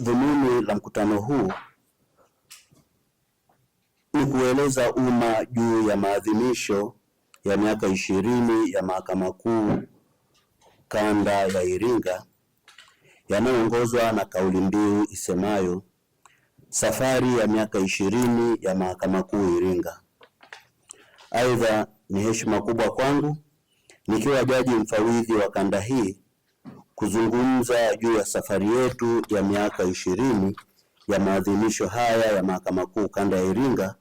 Dhumuni la mkutano huu ni kueleza umma juu ya maadhimisho ya miaka ishirini ya Mahakama Kuu Kanda ya Iringa yanayoongozwa na kauli mbiu isemayo safari ya miaka ishirini ya Mahakama Kuu Iringa. Aidha, ni heshima kubwa kwangu nikiwa jaji mfawidhi wa kanda hii kuzungumza juu ya safari yetu ya miaka ishirini ya maadhimisho haya ya Mahakama Kuu Kanda ya Iringa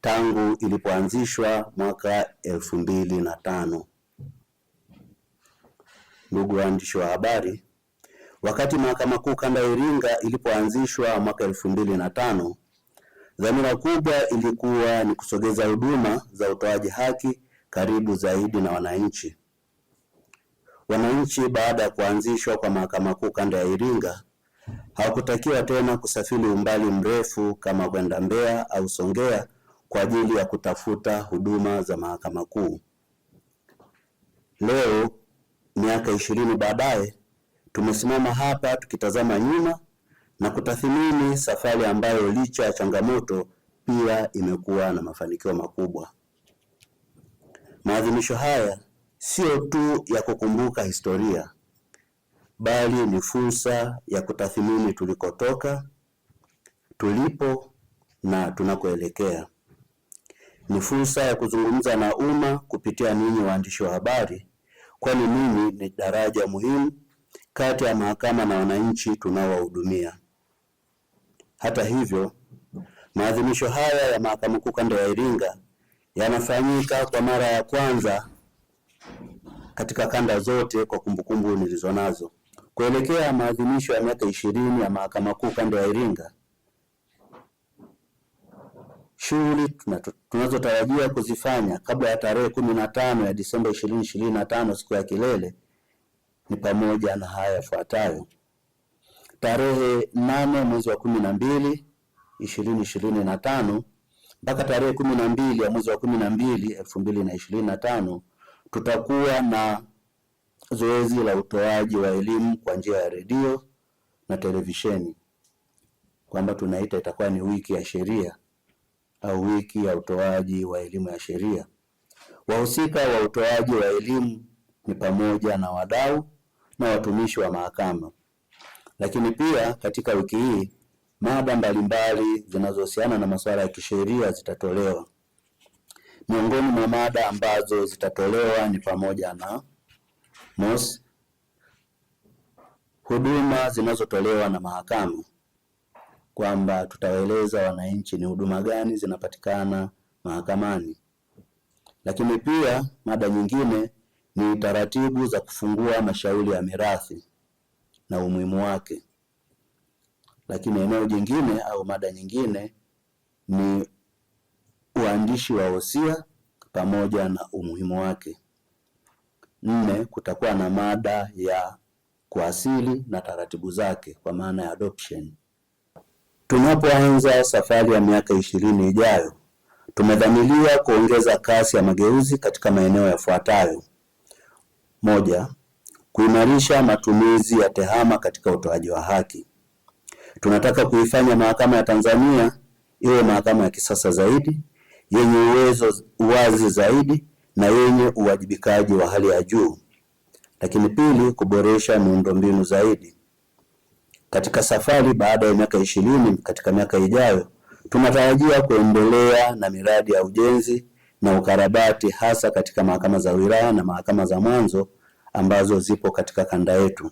tangu ilipoanzishwa mwaka elfu mbili na tano. Ndugu waandishi wa habari, wakati Mahakama Kuu Kanda ya Iringa ilipoanzishwa mwaka elfu mbili na tano, dhamira kubwa ilikuwa ni kusogeza huduma za utoaji haki karibu zaidi na wananchi. Wananchi baada ya kuanzishwa kwa Mahakama Kuu Kanda ya Iringa hawakutakiwa tena kusafiri umbali mrefu kama kwenda Mbeya au Songea kwa ajili ya kutafuta huduma za Mahakama Kuu. Leo miaka ishirini baadaye tumesimama hapa tukitazama nyuma na kutathmini safari ambayo licha ya changamoto pia imekuwa na mafanikio makubwa. Maadhimisho haya sio tu ya kukumbuka historia, bali ni fursa ya kutathmini tulikotoka, tulipo na tunakoelekea. Ni fursa ya kuzungumza na umma kupitia ninyi waandishi wa habari, kwani mimi ni daraja muhimu kati ya mahakama na wananchi tunaowahudumia. Hata hivyo, maadhimisho haya ya Mahakama Kuu Kanda ya Iringa yanafanyika kwa mara ya kwanza katika kanda zote kwa kumbukumbu nilizonazo. Kuelekea maadhimisho ya miaka ishirini ya Mahakama Kuu Kanda ya Iringa, shughuli tunazotarajia kuzifanya kabla ya tarehe kumi na tano ya Disemba ishirini ishirini na tano siku ya kilele ni pamoja na haya yafuatayo: tarehe nane mwezi wa kumi na mbili ishirini ishirini na tano mpaka tarehe kumi na mbili ya mwezi wa kumi na mbili elfu mbili na ishirini na tano tutakuwa na zoezi la utoaji wa elimu kwa njia ya redio na televisheni, kwamba tunaita itakuwa ni wiki ya sheria au wiki ya utoaji wa elimu ya sheria. Wahusika wa utoaji wa elimu ni pamoja na wadau na watumishi wa mahakama. Lakini pia katika wiki hii mada mbalimbali zinazohusiana na masuala ya kisheria zitatolewa. Miongoni mwa mada ambazo zitatolewa ni pamoja na mosi, huduma zinazotolewa na mahakama, kwamba tutawaeleza wananchi ni huduma gani zinapatikana mahakamani. Lakini pia mada nyingine ni taratibu za kufungua mashauri ya mirathi na umuhimu wake. Lakini eneo jingine au mada nyingine ni uandishi wa hosia pamoja na umuhimu wake. Nne, kutakuwa na mada ya kuasili na taratibu zake kwa maana ya adoption. Tunapoanza safari ya miaka ishirini ijayo, tumedhamiria kuongeza kasi ya mageuzi katika maeneo yafuatayo: moja, kuimarisha matumizi ya tehama katika utoaji wa haki. Tunataka kuifanya mahakama ya Tanzania iwe mahakama ya kisasa zaidi yenye uwezo wazi zaidi na yenye uwajibikaji wa hali ya juu. Lakini pili, kuboresha miundombinu zaidi. Katika safari baada ya miaka ishirini, katika miaka ijayo tunatarajia kuendelea na miradi ya ujenzi na ukarabati hasa katika mahakama za wilaya na mahakama za mwanzo ambazo zipo katika kanda yetu.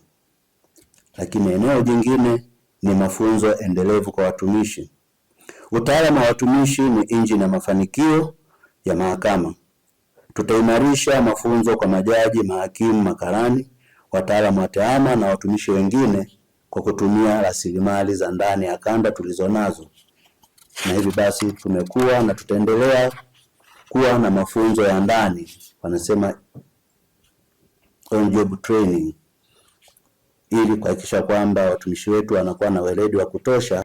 Lakini eneo jingine ni mafunzo endelevu kwa watumishi. Utaalamu wa watumishi ni injini ya mafanikio ya mahakama. Tutaimarisha mafunzo kwa majaji, mahakimu, makarani, wataalamu wa tehama na watumishi wengine kwa kutumia rasilimali za ndani ya kanda tulizonazo, na hivi basi tumekuwa na tutaendelea kuwa na mafunzo ya ndani, wanasema on job training, ili kuhakikisha kwamba watumishi wetu wanakuwa na weledi wa kutosha.